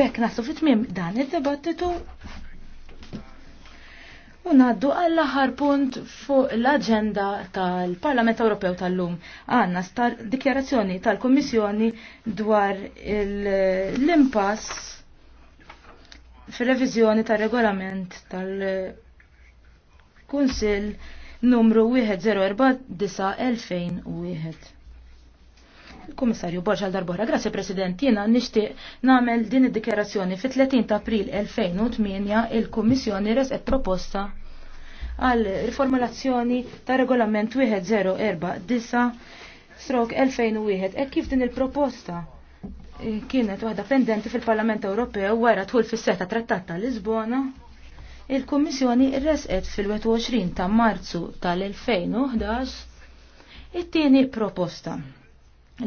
Bekk nasu fit-tmim dan id-debattitu u naddu għall-aħħar punt fuq l-agenda tal-Parlament Ewropew tal-lum. Għanna star dikjarazzjoni tal kummissjoni dwar l-impass fil-revizjoni tal-regolament tal-Kunsil numru 1049-2001. Komissarju Borġal Darbora, grazie President, jena nishtiq namel din id-dikjerazzjoni fit 30 ta' april 2008 il-Kummissjoni et proposta għal riformulazzjoni ta' regolament 1049 strok 2001 e kif din il-proposta e, kienet waħda pendenti fil-Parlament Ewropew wara tħul fis-seta trattat ta' Lisbona il-Kummissjoni resqet fil-21 ta' Marzu tal-2011 it-tieni proposta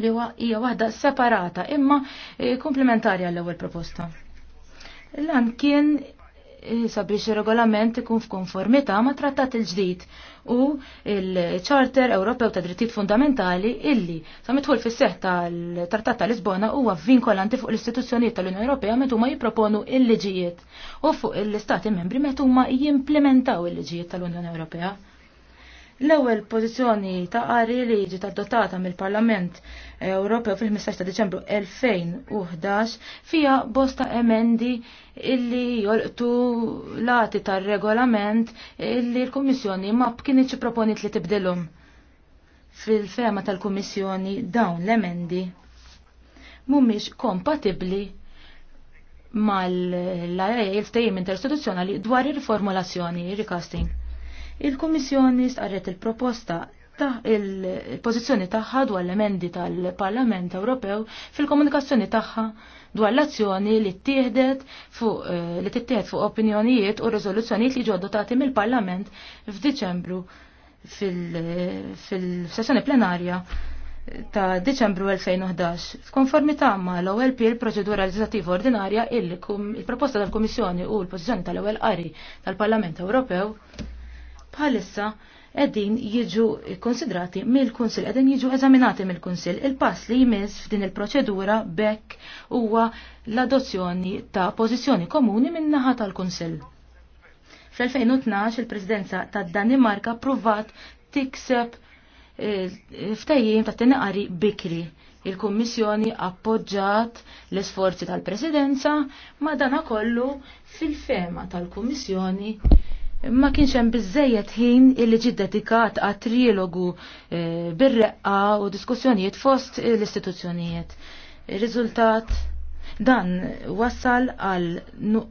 li hija waħda separata imma eh, komplementarja l-ewwel proposta. Lan kien eh, sabiex ir-regolament ikun f'konformità ma' trattat il-ġdid u il-Charter Ewropew ta' Drittijiet Fundamentali illi sa midħul fis-seħħ tal-Trattat ta' Lisbona huwa vinkolanti fuq l-istituzzjonijiet tal-Unjoni Ewropea meta huma jipproponu l liġijiet u fuq l-Istati membri meta huma jimplementaw il-liġijiet tal-Unjoni Ewropea. L-ewwel pożizzjoni ta' qari li ġiet adottata mill-Parlament Ewropew fil-15 ta' Deċembru 2011 fija bosta emendi illi jolqtu lati tar-regolament illi l-Kummissjoni ma kienitx proponit li tibdilhom. Fil-fema tal-Kummissjoni dawn l-emendi mhumiex kompatibbli mal-lajja il-ftejim dwar ir formulazzjoni ir-recasting Il-Kummissjoni starret il-proposta ta' il-pożizzjoni tagħha dwar l-emendi tal-Parlament Ewropew fil-komunikazzjoni tagħha dwar l-azzjoni li ttieħdet fuq eh, li tittieħed fuq opinjonijiet u riżoluzzjonijiet li ġew adottati mill-Parlament f'Diċembru fil-sessjoni plenarja ta' Deċembru 2011. F'konformità ma' l-OLP il-proċedura legislativa ordinarja il-proposta tal-Komissjoni u l-pożizzjoni tal-ewwel qari tal-Parlament Ewropew bħalissa edin jiġu konsidrati mill-Kunsil, edin jiġu eżaminati mill-Kunsil. Il-pass li jmiss f'din il-proċedura bekk huwa l-adozzjoni ta' pożizzjoni komuni minn naħa tal-Kunsil. Fl-2012 il-Presidenza ta' Danimarka provat tikseb eh, ftajjim ta' tenqari bikri. Il-Kommissjoni appoġġat l-esforzi tal-Presidenza ma dana kollu fil-fema tal-Kommissjoni ma kienx hemm biżejjed ħin illi ġi dedikat għat trilogu e, bir-reqqa u diskussjonijiet fost l-istituzzjonijiet. Riżultat dan wassal għal nu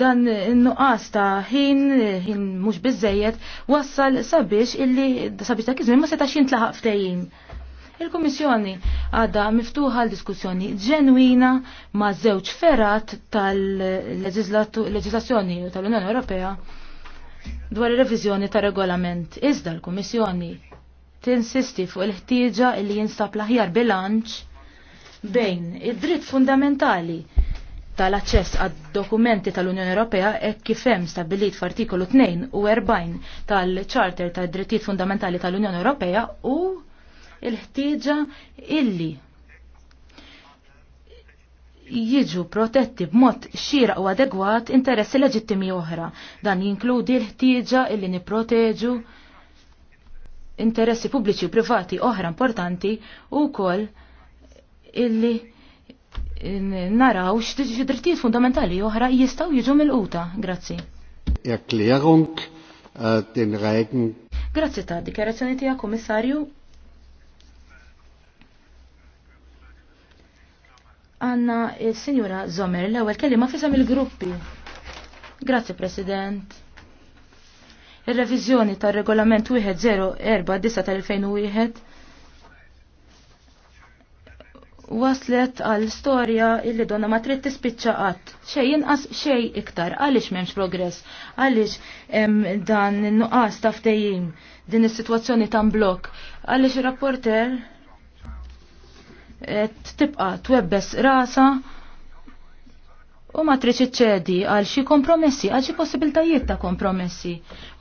dan nuqqas ta' ħin, ħin mhux biżejjed, wassal sabiex illi sabiex ta' kizmin ma setax jintlaħaq ftehim. Il-Kummissjoni għadha miftuħa l-diskussjoni ġenwina ma' żewġ ferat tal-leġislazzjoni tal-Unjoni Ewropea dwar ir-reviżjoni tar-regolament. Iżda l-Kummissjoni tinsisti fuq il-ħtieġa li jinstab l-aħjar bilanċ bejn id-dritt fundamentali tal-aċċess għad dokumenti tal-Unjoni Ewropea hekk kif hemm stabbilit u 40 tal-Charter tad-Drittijiet Fundamentali tal-Unjoni Ewropea u il-ħtieġa illi jiġu protetti b'mod xieraq u adegwat interessi leġittimi oħra. Dan jinkludi l-ħtieġa illi niproteġu interessi pubbliċi u privati oħra importanti u kol illi naraw x-drittijiet fundamentali oħra jistaw jiġu mill-quta. Grazzi. Erklärung äh, den Reigen. Grazzi ta' dikjarazzjoni tija, komissarju. għanna il-Sinjura Zomer, l-ewel kellima fisem il-gruppi. Grazie, President. Il-revizjoni tar regolament 1049 tal-2001 waslet għal storja illi donna ma trid tispiċċa qatt. Xej inqas xej iktar, għaliex m'hemmx progress, għaliex dan in-nuqqas ta' ftehim din is-sitwazzjoni ta' blok, għaliex ir-rapporter tibqa twebbes rasa u ma triċi ċedi għal xi kompromessi, għal xi possibiltajiet ta' kompromessi.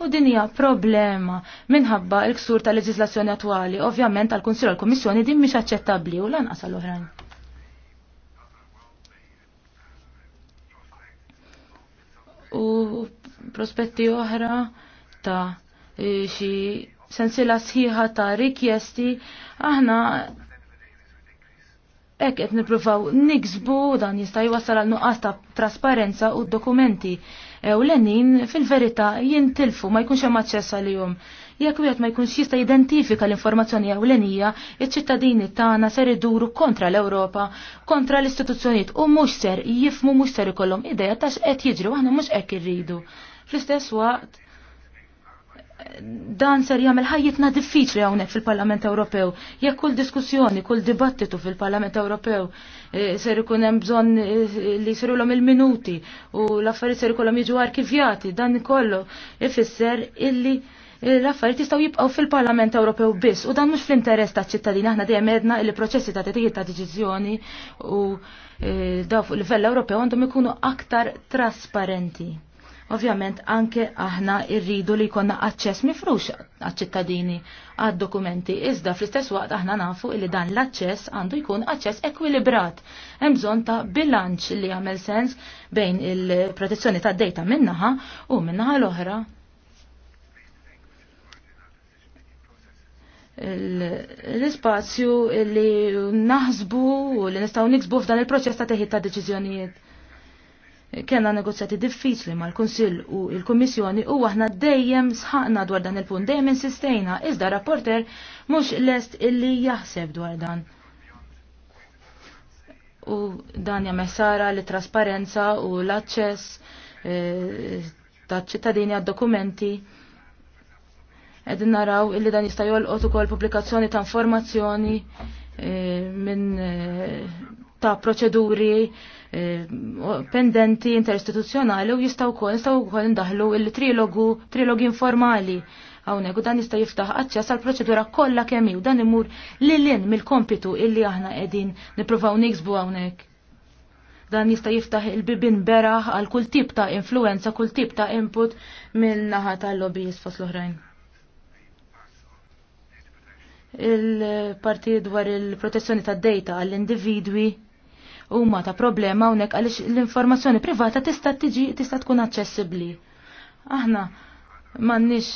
U din hija problema minħabba l-ksur ta' leġislazzjoni attwali, ovvjament għal kunsil għal kummissjoni din mhix aċċettabbli u lanqas għal oħrajn. U prospetti oħra ta' xi sensila sħiħa ta' rikjesti aħna Ek qed nippruvaw niksbu dan jista' jwassal għal nuqqas ta' trasparenza u dokumenti eh, u l-enin fil-verità jintilfu ma jkunx hemm aċċess għalihom. Jekk wieħed ma jkunx jista' jidentifika l-informazzjoni ewlenija, iċ-ċittadini tagħna ser iduru kontra l-Ewropa, kontra l-istituzzjonijiet u mhux ser jifmu mhux ser ikollhom idea tax qed jiġri aħna mhux hekk irridu. Fl-istess waqt dan ser jagħmel ħajjitna diffiċli hawnhekk fil-Parlament Ewropew. Jekk kull diskussjoni, kull dibattitu fil-Parlament Ewropew eh, ser ikun hemm bżonn eh, li jsirulhom il-minuti u l-affarijiet ser ikolhom jiġu arkivjati, dan kollu ifisser illi eh, l-affarijiet jistgħu jibqgħu fil-Parlament Ewropew biss u dan mhux fl-interess taċ-ċittadini aħna dejjem għedna li proċessi ta' tetijiet ta' deċiżjoni u daw fuq livell Ewropew għandhom ikunu aktar trasparenti. Ovvjament anke aħna irridu li konna aċċess mifrux għaċ-ċittadini għad-dokumenti. Iżda fl-istess waqt aħna nafu li dan l-aċċess għandu jkun aċċess ekwilibrat. Hemm bżonn ta' bilanċ li għamel sens bejn il-protezzjoni ta' data minnaħa u minnaħa l-oħra l-ispazju li naħsbu u li nistaw niksbu f'dan il-proċess ta' teħid ta' deċiżjonijiet kena negozjati diffiċli mal-Kunsill u il komissjoni u aħna dejjem sħaqna dwar dan il-punt, dejjem insistejna, iżda rapporter mhux lest illi jaħseb dwar dan. U dan jagħmel sara li trasparenza u l-aċċess e, eh, ta' ċittadini għad-dokumenti. Qegħdin naraw illi dan jista' otu ukoll pubblikazzjoni ta' informazzjoni e, minn e, ta' proċeduri eh, pendenti interistituzzjonali u jistaw kol, jistaw kol ndaħlu il-trilogu, trilogi informali. Hawnhekk u dan jista' jiftaħ aċċess għal proċedura kollha kemm u dan imur lilin mill-kompitu illi aħna qegħdin nippruvaw niksbu hawnhekk. Dan jista' jiftaħ il-bibin beraħ għal kull tip ta' influenza, kull tip ta' input mill-naħa tal-lobbyist fost l-oħrajn. Il-parti dwar il-protezzjoni tad-dejta għall-individwi huma ta' problema hawnhekk għaliex l-informazzjoni privata tista' tiġi tista' tkun aċċessibbli. Aħna m'għandniex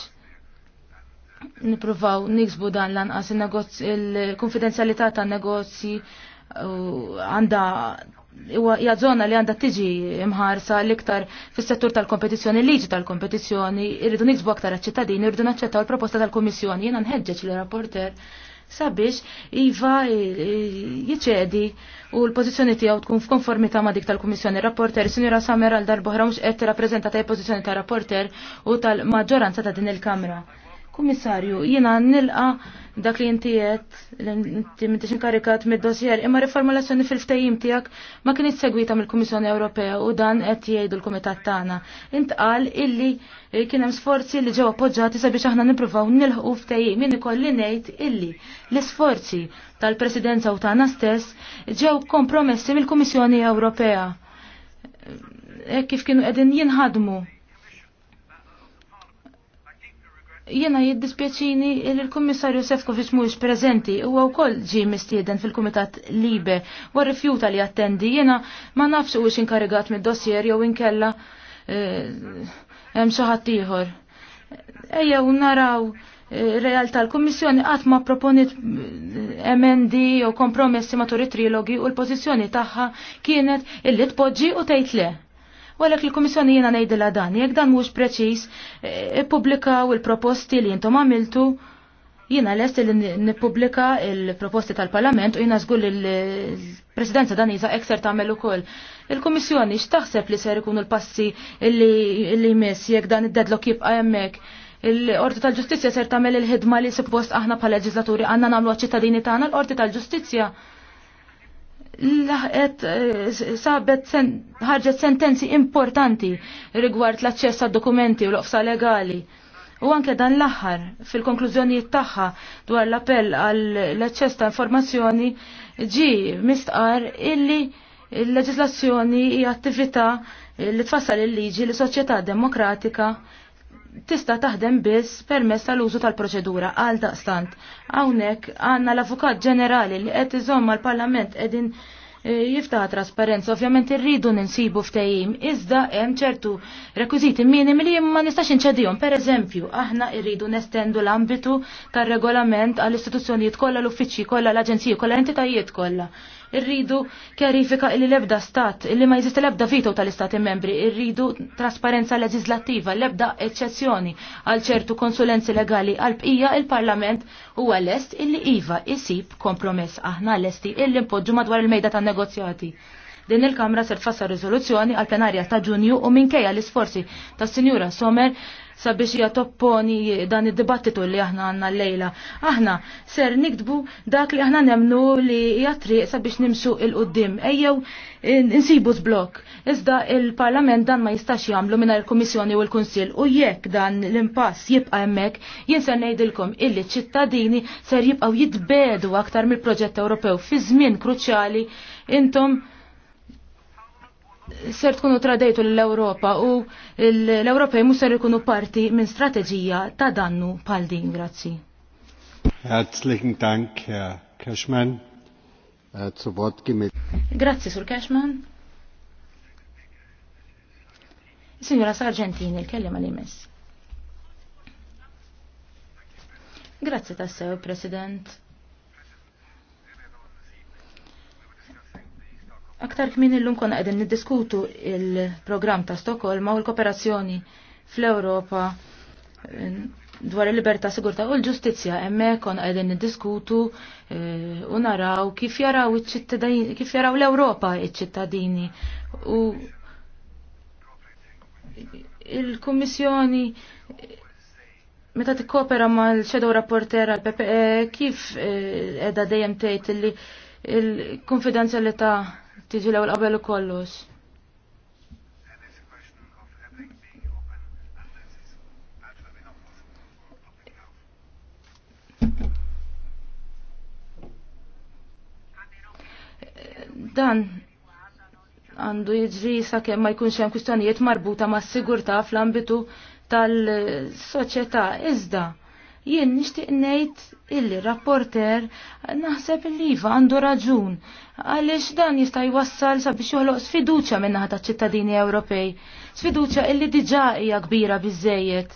nippruvaw niksbu dan lanqas il-konfidenzjalità tan negozji għandha hija żona li għandha tiġi imħarsa l-iktar fis-settur tal-kompetizzjoni, liġi tal-kompetizzjoni, irridu niksbu aktar ċittadini irridu naċċettaw il-proposta tal-Kummissjoni. Jiena nħeġġeġ li rapporter sabiex iva eh, eh, jiċedi u l-pozizjoni tiegħu tkun f'konformità ma' dik tal-Kummissjoni Rapporter, Sinjora Samer għal darbo mhux qed tirrappreżenta ta' pożizzjoni ta' rapporter u tal-maġġoranza ta' din il-Kamra. Kummissarju, jiena nilqa dak li inti qed inti m'intix inkarikat mid-dossier imma riformulazzjoni fil ftajim tiegħek ma kienx segwita mill-Kummissjoni Ewropea u dan qed jgħidu l-Kumitat tagħna. Intqal illi kien hemm sforzi li ġew appoġġati sabiex aħna nippruvaw nilħqu ftajim. min ikolli ngħid illi l-isforzi tal-Presidenza u tagħna stess ġew kompromessi mill-Kummissjoni Ewropea. E kif kienu qegħdin jinħadmu Jena jiddispjaċini li l-Kummissarju Sefkovic mhuwiex prezenti u wkoll ġie mistieden fil-Kumitat Libe u rifjuta li attendi jena ma nafx huwiex inkarigat mid-dossier jew inkella eh, hemm xi ħadd ieħor. Ejja u naraw eh, realtà l-Kummissjoni qatt ma proponit eh, emendi jew kompromessi matul it-trilogi u l-pożizzjoni tagħha kienet illi tpoġġi u tgħid le. Walek il-Kummissjoni jiena ngħidilha dan, jekk dan mhux preċiż, eh, ippubblikaw il-proposti li intom għamiltu Jiena lest li nipublika l proposti tal-Parlament u jiena zgull il-Presidenza dan jiza ekser tagħmel ukoll. Il-Komissjoni xtaħseb li ser ikunu l-passi li jmiss jek dan id-deadlock jibqa jemmek. Il-Orti tal-Ġustizja ser tagħmel il-ħidma li suppost aħna pa leġizlaturi għanna namlu ċittadini tagħna l-Orti tal-Ġustizja laħqet eh, sabet ħarġet sentenzi importanti rigward l-aċċess għad dokumenti u l-oqsa legali. U anke dan l-aħħar fil-konklużjonijiet tagħha dwar l-appell għal l-aċċess ta' informazzjoni ġi mistqar illi l-leġislazzjoni hija attività li tfassal il-liġi li soċjetà demokratika tista' taħdem biss permess tal-użu tal-proċedura għal daqstant. Hawnhekk għandna l-Avukat Ġenerali li qed iżomm mal-Parlament qegħdin eh, jiftaħ trasparenza, ovvjament irridu ninsibu ftehim, iżda hemm ċertu rekwiżiti minimi li ma nistax inċedihom. Pereżempju, aħna rridu nestendu l-ambitu tar-regolament għall istituzzjonijiet kollha l-uffiċċji kollha l-aġenziji kollha l-entitajiet kollha. Irridu kjarifika illi lebda stat, illi ma jeżisti lebda vito tal-istati membri, irridu trasparenza leġislattiva, lebda eccezzjoni għal ċertu konsulenzi legali għal bqija il-Parlament huwa lest illi iva isib kompromess aħna l-esti illi mpoġġu madwar il-mejda tan negozjati din il-Kamra ser tfassar riżoluzzjoni għal plenarja ta' Ġunju u minkejja l-isforzi tas Sinjura Sommer sabiex jatopponi dan id-dibattitu li aħna għanna l-lejla. Aħna ser nikdbu dak li aħna nemnu li jatri sabiex nimxu il-qoddim. Ejjew insibu blok. Iżda il-Parlament dan ma jistax jagħmlu minna il-Kummissjoni u l-Kunsill u jekk dan l-impass jibqa' hemmhekk, jien nejdilkom ngħidilkom illi ċittadini ser jibqgħu jitbedu aktar mill-proġett Ewropew fi żmien kruċjali intom ser tkunu tradejtu l-Europa u l europa jimu ser ikunu parti minn strategija ta' dannu bħal din, grazzi. Herzlichen Dank, Herr Cashman. Äh, zu Wort gemeldet. Grazzi, Sur Cashman. Signora Sargentini, il-kellem għal-imess. Grazzi tassew, President. Aktar kmin illum konna qegħdin niddiskutu il-programm ta' Stokolma u l-kooperazzjoni fl-Ewropa eh, dwar il-libertà, sigurtà u l-ġustizzja hemmhekk konna qegħdin niddiskutu eh, u naraw kif jaraw kif jaraw l europa iċ-ċittadini u il-Kummissjoni meta ma mal-Shadow Rapporter għal PPE kif qiegħda eh, dejjem tgħid li il-konfidenzjalità tiġi l-ewwel qabel kollox. Dan għandu jiġri sakemm ma jkunx hemm kwistjonijiet marbuta mas-sigurtà fl-ambitu tal-soċjetà iżda Jien nixtieq ngħid illi rapporter naħseb li iva għandu raġun għaliex dan jista' jwassal sabiex joħloq sfiduċja min-naħa taċ-ċittadini Ewropej, sfiduċja illi diġà hija kbira biżejjed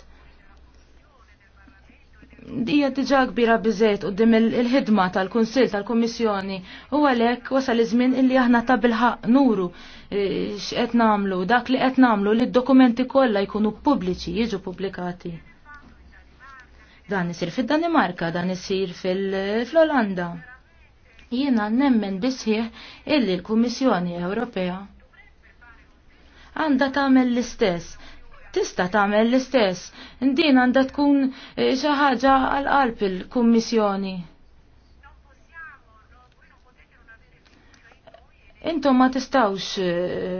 hija diġa' kbira biżejt dim il-ħidma tal kunsil tal-Kummissjoni u għalhekk wasal iż-żmien illi aħna ta' bilħaq nuru eh, x'qed nagħmlu dak li qed nagħmlu li d-dokumenti kollha jkunu pubbliċi jiġu pubblikati. Dan isir fil-Danimarka, dan isir fil-Olanda. Jiena nemmen bisħieħ illi l-Kummissjoni Ewropea għanda tagħmel l-istess. Tista tagħmel l-istess. Din għandha tkun e, xi ħaġa għal qalb il-Kummissjoni. Intom ma tistawx e,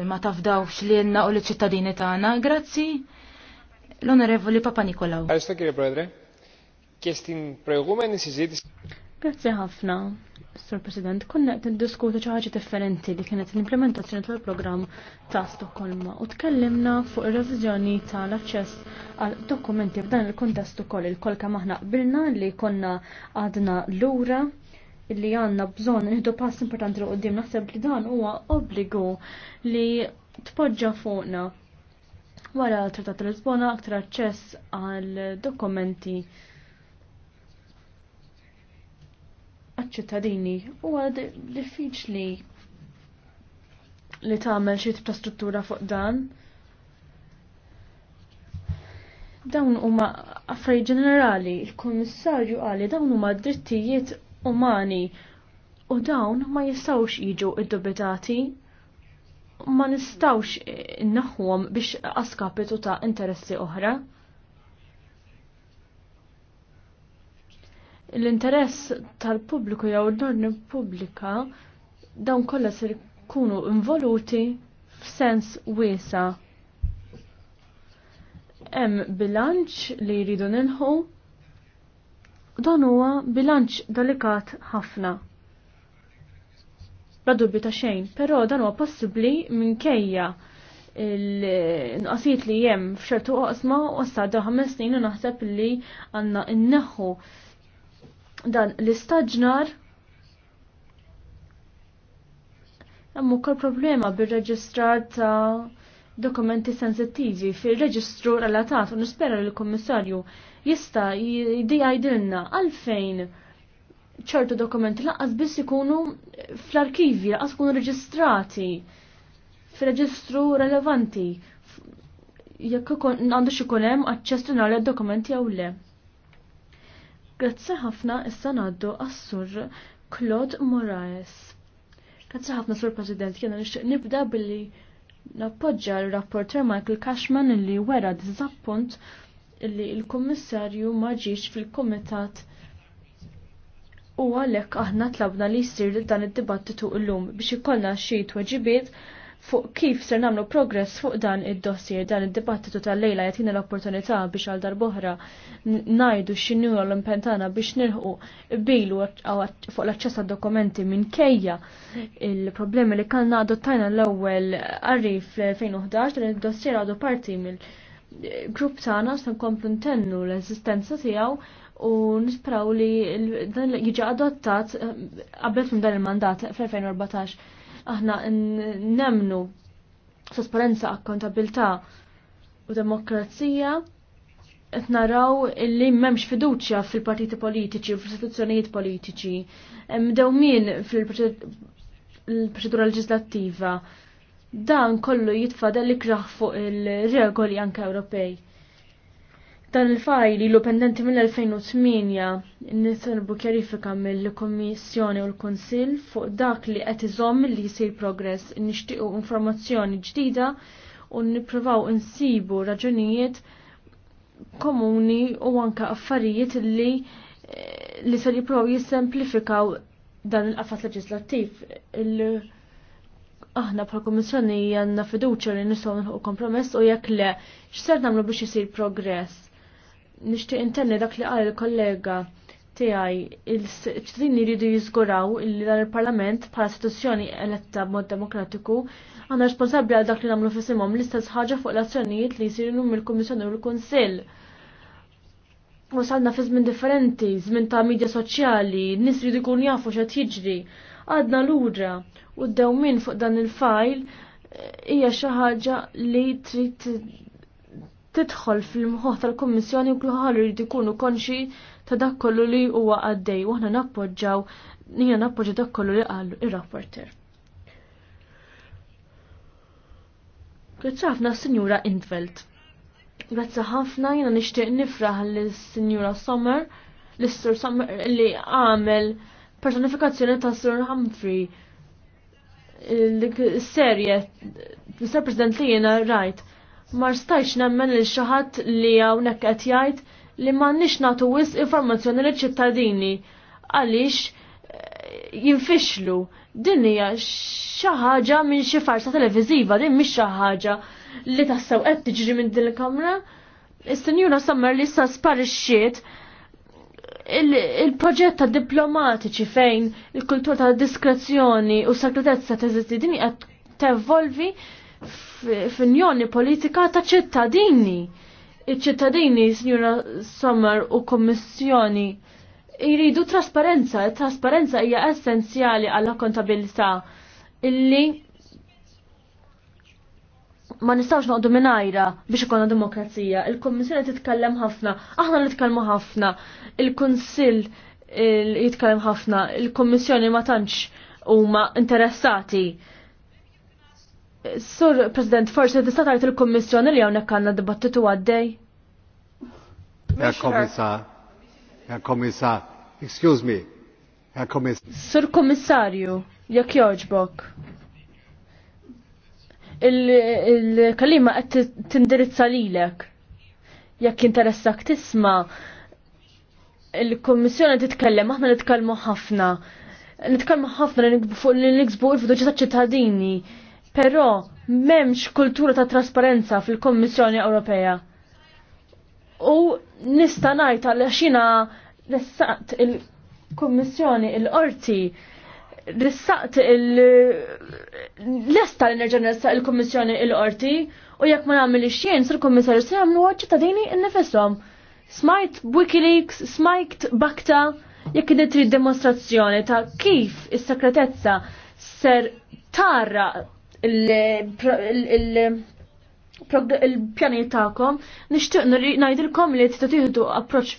ma tafdawx li jenna u li ċittadini tagħna. Grazzi l-Onorevoli Papa Nikolaw. Għalista kire, brodre? και στην προηγούμενη συζήτηση. Grazie ħafna, Sir President. Konna qed niddiskutu xi ħaġa differenti li kienet l-implementazzjoni tal-programm ta' Stokolma. u tkellimna fuq ir-reviżjoni tal-aċċess għal dokumenti f'dan il-kuntest ukoll il-kol kemm aħna qbilna li konna għadna lura li għandna bżonn nieħdu pass importanti li qudiem naħseb li dan huwa obbligu li tpoġġa fuqna wara l Trattat Lisbona aktar aċċess għal dokumenti għadċittadini u għad diffiċli li tagħmel xi ta' struttura fuq dan. Dawn huma Affarijiet ġenerali, il-Kummissarju qali dawn huma drittijiet umani u dawn ma jistawx jiġu iddubitati ma nistawx naħwom biex askapitu ta' interessi oħra. l-interess tal-pubbliku jew l-norni pubblika dawn kollha se jkunu involuti f'sens wiesa. Hemm bilanċ li jridu nilħu dan huwa bilanċ delikat ħafna. Bla dubju ta' xejn, però dan huwa possibbli minkejja il-nqasijiet li jem f'xertu qosma u s-sadda ħames snin u naħseb li għanna inneħħu dan l-istaġnar hemm ukoll problema bil reġistrar ta' dokumenti sensittivi fil-reġistru relatat u nispera li l-Kummissarju jista' għajdilna għalfejn ċertu dokumenti laqqas biss ikunu fl-arkivi, laqqas ikunu reġistrati fil-reġistru relevanti jekk għandu xikunem hemm aċċess dokumenti jew le. Grazzi ħafna issa ngħaddu għas-sur Claude Moraes. Grazzi ħafna sur President, jiena nixtieq nibda billi nappoġġja l-rapporter Michael Cashman illi wera diżappunt li l-Kummissarju ma ġiex fil-Kumitat u għalhekk aħna tlabna li jsir dan id-dibattitu llum biex ikollna xi tweġibiet fuq kif ser namlu progress fuq dan id-dossier, dan id-dibattitu tal-lejla jatina l-opportunità biex għal darboħra najdu xinu l-impentana biex nirħu bilu fuq l-access dokumenti minn kejja il-problemi li kanna adottajna l-ewel għarrif fl-2011 dan id-dossier għadu parti mill grupp tagħna se nkomplu ntennu l-eżistenza tiegħu u nispraw li dan jiġi adottat eh, qabel fim dan il-mandat fl-2014 aħna nemnu trasparenza, akkontabilta u demokrazija qed naraw illi m'hemmx fiduċja fil-partiti politiċi u fl-istituzzjonijiet politiċi. Hemm min fil-proċedura leġislattiva dan kollu jitfadel ikraħ fuq il-regoli anke Ewropej. Dan il fajli l pendenti mill-2008 nitalbu kjarifika mill-Kommissjoni u l-Konsil fuq dak li qed iżomm li jsir progress nixtiequ informazzjoni ġdida u nippruvaw insibu raġunijiet komuni u anka affarijiet li eh, li se jipprovaw jissemplifikaw dan il qafat leġislattiv. Aħna bħal Kommissjoni għandna fiduċja li nistgħu nħu kompromess u jekk le x'ser nagħmlu biex isir progress nixtieq intenni dak li qal il-kollega tiegħi il-ċittadini jridu jiżguraw li dan il-Parlament bħala istituzzjoni eletta b'mod demokratiku għandna responsabbli għal dak li nagħmlu fisimhom l-istess ħaġa fuq l-azzjonijiet li jsiru mill-Kummissjoni u l-Kunsill. Wasalna fi żmien differenti, żmien ta' medja soċjali, nies jridu jkunu jafu x'qed jiġri. Għadna lura u d-dewmin fuq dan il-fajl eh, hija xi ħaġa li trid tidħol fil-mħoħ tal-Kommissjoni u kluħal jrid ikunu konxi ta' dak kollu li huwa għaddej u aħna nappoġġaw nija nappoġġa dak kollu li qal ir-rapporter. Grazzi ħafna Sinjura Intveld. Grazzi ħafna jiena nixtieq nifraħ lis-Sinjura Sommer l-Sur Sommer li għamel personifikazzjoni ta' Sir Humphrey. Serje, Mr. President li rajt. Right ma stajx nemmen li xaħat li hawnhekk qed jgħid li m'għandniex nagħtu wisq informazzjoni liċ-ċittadini għaliex eh, jinfixlu. Din hija xi ħaġa minn xi farsa televiżiva, din mhix xi ħaġa li tassew qed tiġri minn din il-kamra. Is-Sinjura Sammer li issa sparixxiet il-proġett ta' diplomatiċi fejn il-kultur ta' diskrezzjoni u segretezza ta' din qed tevolvi te f'unjoni politika ta' ċittadini. Iċ-ċittadini, Signora Sommer u Kommissjoni, jridu trasparenza, trasparenza hija essenzjali għall kontabilità illi ma nistawx noqdu minajra biex ikonna demokrazija. Il-Kommissjoni titkellem ħafna, aħna li tkellmu ħafna, il-Kunsill jitkellem ħafna, il-Kommissjoni ma tantx huma interessati Sur President, forsi tista' tgħid il-Kummissjoni li hawnhekk għandna dibattitu għaddej? Herr Kommissar, excuse me, Herr Kommissar. Sur Kommissarju, jekk jogħġbok. Il-kalima qed tindirizza lilek. Jekk interessak tisma' il kummissjoni titkellem, aħna nitkellmu ħafna. Nitkellmu ħafna li nikbu fuq li niksbu il-fiduċja ta' ċittadini Però m'hemmx kultura ta' trasparenza fil-Kommissjoni Ewropea. U nista' ngħid għaliex jiena ressaqt il-Kommissjoni il-qorti rissaqt l lesta l-nerġa nressaq il-Kommissjoni il-Qorti u jekk ma nagħmel ix-xejn sir kummissarju se jagħmlu ċittadini nnifisom. Smajt Wikileaks, smajt Bakta, jekk trid dimostrazzjoni ta' kif is-sekretezza ser tara il pjanietakom ta'kom, nishtiq najdilkom li t-tatiħdu approċ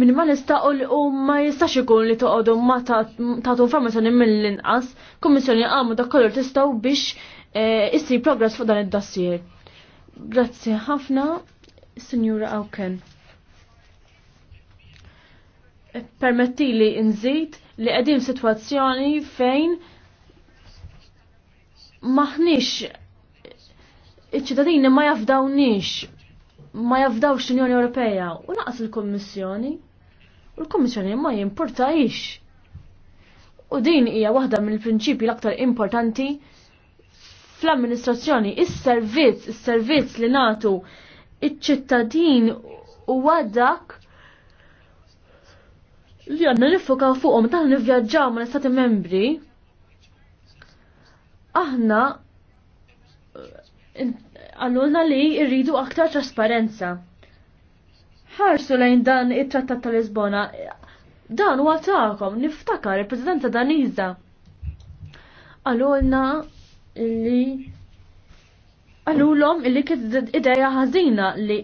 minimalista u ma jistax ikun li toqgħodu ma tagħtu informazzjoni mill-inqas, kummissjoni għamu dak kollu tistgħu biex issir progress fuq dan id-dossier. Grazzi ħafna, Sinjura Awken. Permetti li nżid li qegħdin situazzjoni fejn maħniex iċ-ċittadini ma jafdawnix ma jafdawx l-Unjoni Ewropea u naqas il-Kommissjoni u l-Kommissjoni ma jimportajx. U din hija waħda mill-prinċipji l-aktar importanti fl-amministrazzjoni, is-servizz, is-servizz li natu iċ-ċittadin u għadak li għandna nifokaw fuqhom taħna nivvjaġġaw ma' l-istati membri aħna għallulna li irridu aktar trasparenza. Ħarsu lejn dan it-trattat tal-Lisbona, dan u għatakom, niftakar il-Presidenza Daniza. Għallulna li għallulom li kiet ideja ħazina li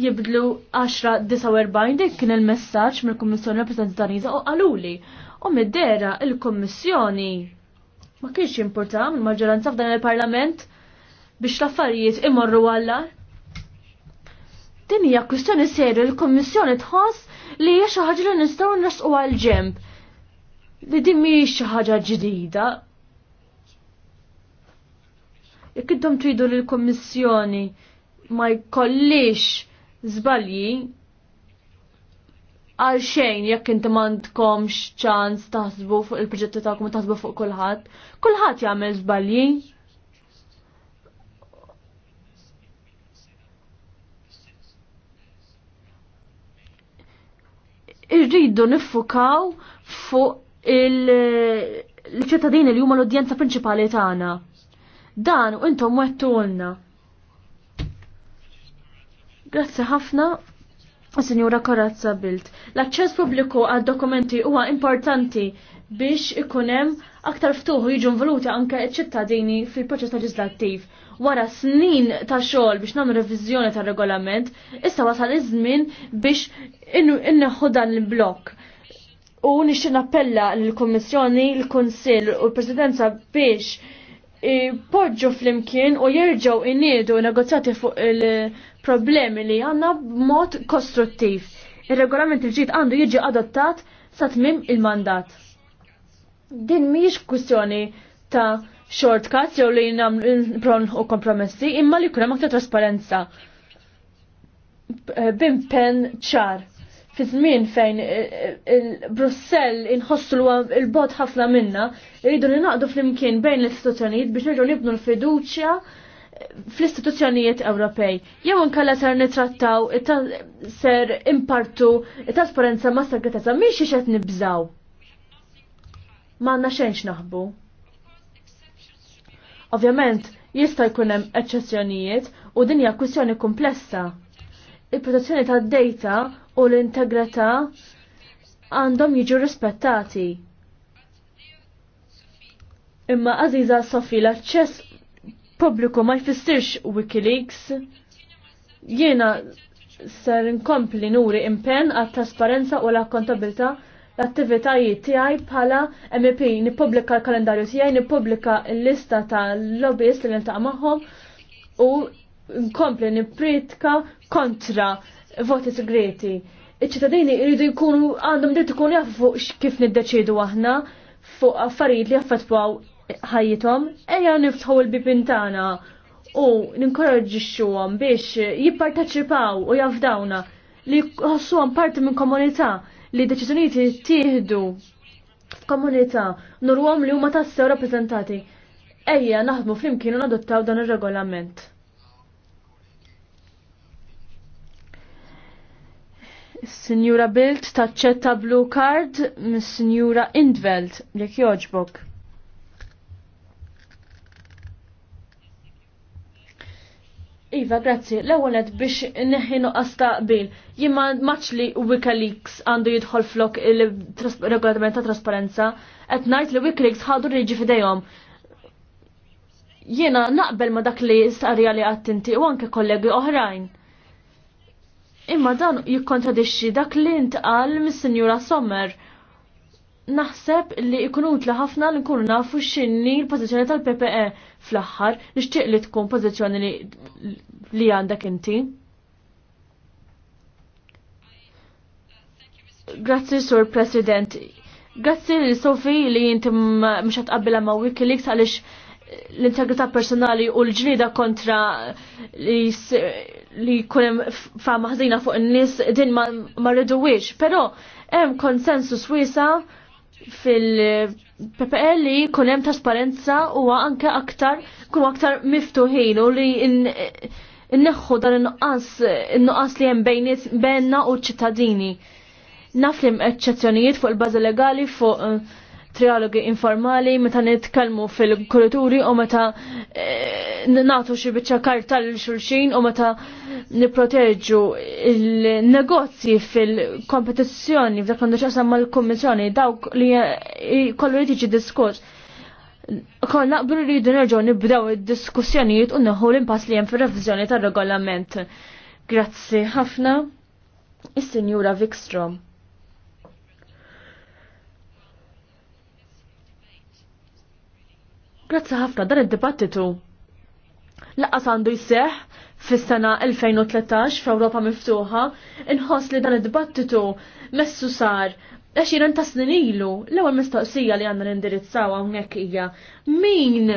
jibdlu 10-49 dik kien il messagġ mill-Kommissjoni Presidenza Daniza u għalluli u middera il-Kommissjoni ma kienx importa il-maġġoranza f'dan il-Parlament biex l-affarijiet imorru għallar. Din hija kwistjoni serju l-Kummissjoni tħoss li hija xi ħaġa li nistgħu nresqu għal ġemp. Li din mhijiex xi ħaġa ġdida. Jekk intom tridu li l-Kummissjoni ma jkollix żbalji għal xejn jekk inti m'għandkomx ċans taħsbu fuq il-proġetti tagħkom u taħsbu fuq kulħadd. Kulħadd jagħmel żbalji. Irridu nifukaw fuq il-ċittadini li huma l-udjenza prinċipali tagħna. Dan u intom wettulna. Grazzi ħafna Signora Korazza Bilt, l-aċċess pubbliku għad dokumenti huwa importanti biex ikunem aktar ftuħ jiġu voluti anke ċ-ċittadini fil-proċess leġislattiv. Wara snin ta' xogħol biex nagħmlu reviżjoni tar-regolament, issa wasal iż-żmien biex inneħħu dan il-blokk. U nixtieq nappella lill-Kummissjoni, l-Kunsill u l-Presidenza biex poġġu fl-imkien u jerġgħu iniedu negozjati fuq il- problemi li għanna b'mod kostruttiv. Il-regolament il-ġit għandu jiġi adottat sa tmim il-mandat. Din miex kwistjoni ta' shortcuts jew li namlu pron u kompromessi imma li kuna aktar trasparenza. Bim pen ċar. Fi żmien fejn eh, eh, Brussell inħossu il-bot ħafna minna, rridu naqdu fl-imkien bejn l-istituzzjonijiet biex nirġgħu nibnu l-fiduċja fl-istituzzjonijiet Ewropej. Jew inkella ser nitrattaw ser impartu trasparenza ma' segretezza mhix xi qed nibżaw. M'għandna xejn naħbu. Ovvjament, jista' jkun hemm eċċezzjonijiet u din hija kwistjoni komplessa. Il-protezzjoni tad-dejta u l-integrità għandhom jiġu rispettati. Imma Aziza Sofi l-aċċess pubbliku ma jfissirx Wikileaks. Jiena ser nkompli nuri impenn għat trasparenza u l-akkontabilta l-attivitajiet tiegħi bħala MEP nippubblika l-kalendarju tiegħi, nippubblika l-lista ta' lobbyist li niltaqa' magħhom u nkompli nippritka kontra voti segreti. Iċ-ċittadini jridu jkunu għandhom dritt ikunu jafu fuq kif niddeċiedu aħna fuq affarijiet li jaffetwaw ħajjithom, ejja niftħu l-bibin tagħna u ninkoraġġixxuhom biex jipparteċipaw u jafdawna li ħossuhom parti minn komunità li deċiżjonijiet jittieħdu f'komunità nurhom li huma tassew rappreżentati. Ejja naħdmu flimkien u nadottaw dan ir-regolament. Signora Bilt taċċetta blue card mis Signora Indveld, jekk joġbok. Iva, grazzi. L-ewwel biex neħi nuqqas taqbil. Jimma maċ li Wikileaks għandu jidħol flok il-regolament ta' trasparenza, qed ngħid li Wikileaks ħadu riġi f'idejhom. Jiena naqbel ma dak li sarja li għattinti u anke kollegi oħrajn. Imma dan jikkontradixxi dak li intqal mis-Sinjura Sommer naħseb li ikunu utla ħafna li nkunu nafu x'inni l-pożizzjoni tal-PPE fl-aħħar nixtieq li tkun pożizzjoni li għandek inti. Grazzi, Sur President. Grazzi li Sofi li jinti mux għatqabbila ma' Wikileaks għalix l-integrità personali u l-ġlida kontra li kunem fa' maħzina fuq n-nis din ma' rridu wix. Pero, hemm konsensus wiesa' fil-PPL li kunem trasparenza u anke aktar kun aktar miftuħin u li inneħħu dan il-nuqqas il-nuqqas li jem bejna u ċittadini. Naflim eċċezzjonijiet fuq il-baza legali fuq eh, trialogi informali meta nitkellmu fil-kulturi u meta eh, natu xi biċċa karta l xulxin u meta nipproteġu il-negozji fil-kompetizzjoni f'dak għandu x'qasam mal-kummissjoni dawk li kollu li tiġi diskuss. Kol naqblu li jridu nerġgħu nibdew id-diskussjonijiet u neħu l-impass li hemm fir revizjoni tar-regolament. Grazzi ħafna. Is-Sinjura Vikstrom. Grazzi ħafna dan id-dibattitu laqas għandu jseħ fis-sena 2013 f'Ewropa Miftuħa, inħoss li dan id-dibattitu messu sar għaxirin ta' snin ilu, l-ewwel mistoqsija li għandna nindirizzaw hawnhekk hija min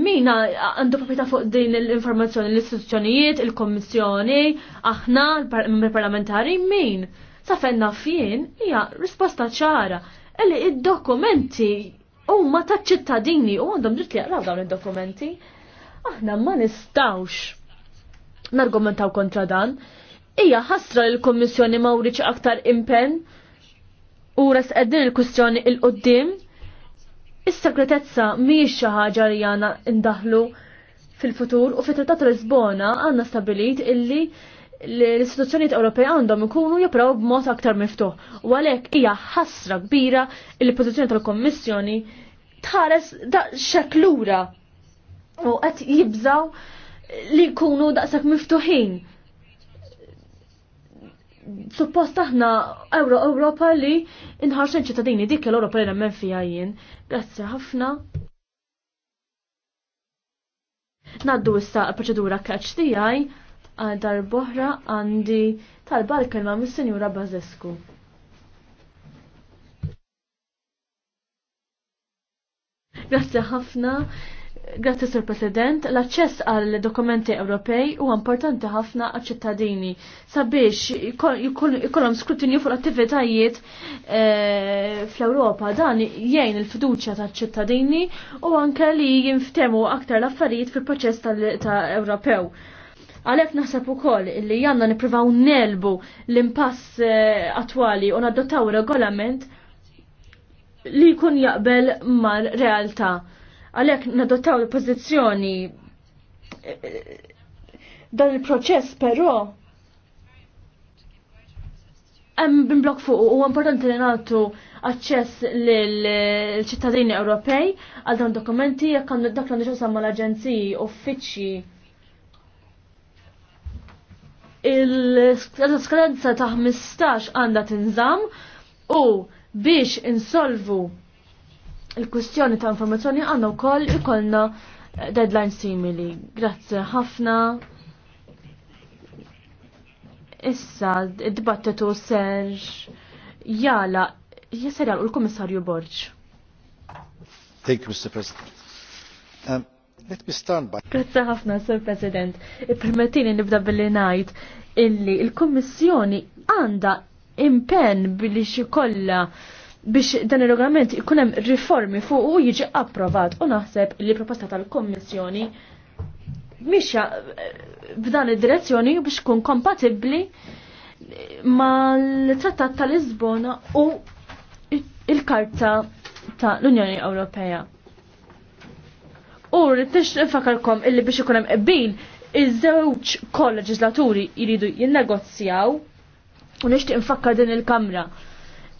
min għandu papita fuq din l-informazzjoni l-istituzzjonijiet, il-kommissjoni, aħna, l parlamentari min? Safenna fenna fien hija risposta ċara illi id-dokumenti huma taċ ċittadini u għandhom dritt li jaqraw dawn id-dokumenti. Aħna ma nistawx nargumentaw kontra dan. Ija ħasra l-Kommissjoni ma wriċ aktar impen u ras qeddin il-kustjoni il-qoddim. Is-segretezza miex xi ħaġa li għana indahlu fil-futur u fit-Trattat Lisbona għandna stabilit illi l-istituzzjonijiet Ewropej għandhom ikunu jipraw b'mod aktar miftuħ. U għalhekk hija ħasra kbira il pożizzjoni tal-Kommissjoni tħares da xeklura u qed jibżaw li jkunu daqshekk miftuħin. Suppost aħna Euro Ewropa li inħarxen ċittadini dik l-Ewropa li nemmen fiha jien. Grazzi ħafna. Naddu issa proċedura catch tiegħi għal darboħra għandi talba l-kelma mis-Sinjura Bazescu. Grazzi ħafna. Grazzi Sur President, l-aċċess għal dokumenti Ewropej huwa importanti ħafna għal ċittadini sabiex ikollhom skrutinju fuq l attivitajiet eh, fl-Ewropa dan jgħin il-fiduċja taċ-ċittadini u anke li jinftemu aktar l-affarijiet fil-proċess ta' Ewropew. Għalhekk naħseb ukoll li għandna nippruvaw nelbu l-impass eh, attwali u nadottaw regolament li jkun jaqbel mal-realtà Għalhekk nadottaw l-pożizzjoni eh, eh, dan il-proċess però bin bimblok fuq u importanti li nagħtu aċċess l eh, ċittadini Ewropej għal dawn dokumenti jekk għandu dak l-għandu xosam l aġenziji uffiċċji il-skadenza ta' 15 għandha tinżamm u biex insolvu il-kwistjoni ta' informazzjoni għandna wkoll ikollna eh, deadline simili. Grazzi ħafna. Issa, id-dibattitu serġ jala, jisser jgħal l-Komissarju Borġ. Thank you, Mr. President. Um, let me stand by. Grazie ħafna, Sir President. Permettini nibda billi najt illi il komissjoni għanda impen billi xikolla kolla biex dan il-regolament ikun hemm riformi fuq u jiġi approvat u naħseb li proposta tal-Kommissjoni mixja eh, f'dan id-direzzjoni biex tkun kompatibbli mal-Trattat tal-Lisbona u il-Karta ta' l-Unjoni Ewropea. U rritix nifakarkom illi biex ikun hemm qbil iż-żewġ kol-leġislaturi jridu jinnegozjaw u nixtieq nfakkar din il-Kamra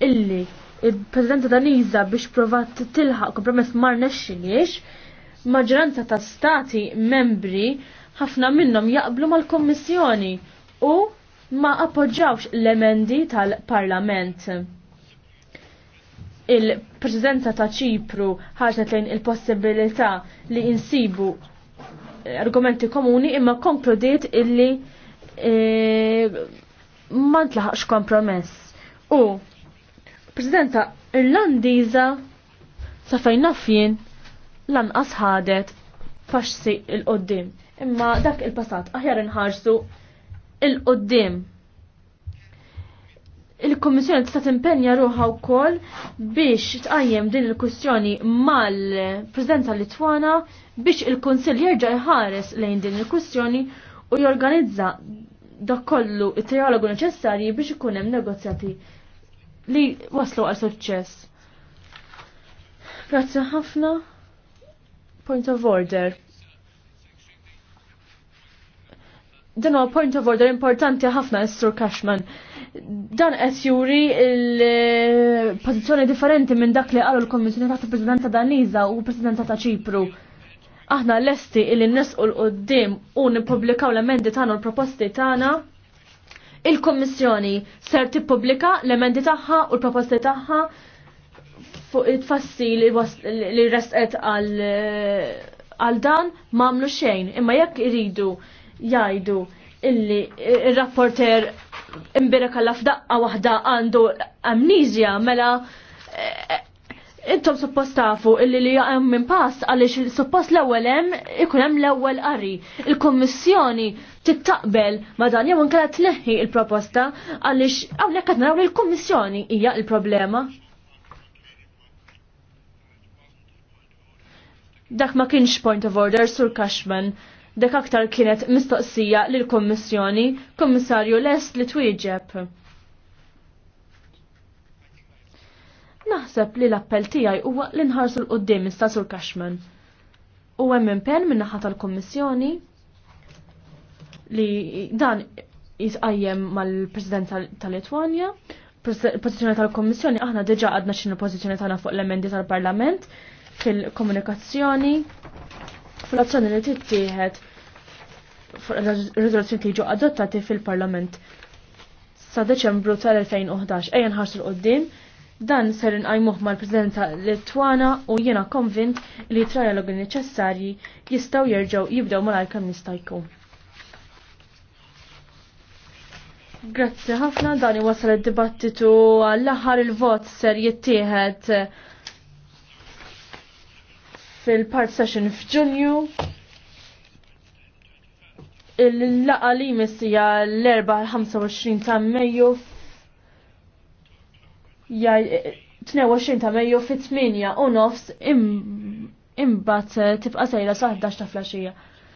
illi il-Presidenta Daniza biex provat tilħaq kompromess mar nexxiniex, maġranza ta' stati membri ħafna minnhom jaqblu mal-Kommissjoni u ma appoġġawx l-emendi tal-Parlament. Il-Presidenza ta' Ċipru ħarġet lejn il-possibilità li insibu argumenti komuni imma konkludiet illi e, ma tlaħaqx kompromess. U Presidenta Irlandiża sa fejn nafjien lanqas ħadet faċsi il-qoddim. Imma dak il-passat aħjar nħarsu il-qoddim. Il-Kommissjoni tista' timpenja ruħha wkoll biex tqajjem din il-kwistjoni mal-Presidenza Litwana biex il-Kunsill jerġa' jħares lejn din il-kwistjoni u jorganizza dak kollu it-trialogu neċessarji biex ikun hemm negozjati li waslu għal suċċess. Grazzi ħafna. Point of order. Dan huwa point of order importanti ħafna Sur Cashman. Dan qed juri l-pożizzjoni differenti minn dak li qalu l-Kommissjoni taħt il-President Daniża u Presidenta ta' Ċipru. Aħna lesti illi nesqu l-qoddim u nippubblikaw l-emendi tagħna u l-proposti tagħna Il-Kommissjoni ser tippubblika l-emendi tagħha u l-proposti tagħha fuq it tfassil li restqet għal dan mamlu xejn, imma jekk iridu jgħidu illi il-rapporter imbirek kalla f'daqqa waħda għandu amnizja mela eh, intom suppost tafu illi li jaqem minn pass għaliex suppost l-ewwel hemm ikun hemm l-ewwel qari. Il-Kommissjoni tittaqbel ma dan jew inkella tneħħi il-proposta għaliex hawnhekk qed naraw li l-Kummissjoni hija il-problema. Dak ma kienx point of order sur Cashman. Dak aktar kienet mistoqsija lil kummissjoni kummissarju lest li twieġeb. Naħseb li l-appell tiegħi huwa li nħarsu l qudiem sta' sur Cashman. U hemm impenn min-naħa tal-Kummissjoni li dan jisqajjem mal presidenza tal-Litwanja, pozizjoni tal-Kommissjoni, aħna deġa għadna xinu pozizjoni tagħna fuq l-emendi tal-Parlament fil-komunikazzjoni, fil-azzjoni li tittieħed fil-riżoluzzjoni li ġu adottati fil-Parlament sa' Deċembru tal-2011 Ejjen ħarsu l-qoddim dan ser inqajmuh mal-Presidenza Litwana u jiena konvint li t-trajalogu neċessarji jistgħu jerġgħu jibdew mal kemm jista' jkun. Grazzi ħafna dan wasal id-dibattitu għall-aħħar il-vot ser jittieħed fil-part session f'Ġunju. Il-laqa li missija l-4-25 ta' Mejju 22 ta' Mejju fit-8 u nofs imbagħad tibqa' sejra sa' 11 ta' flasġija.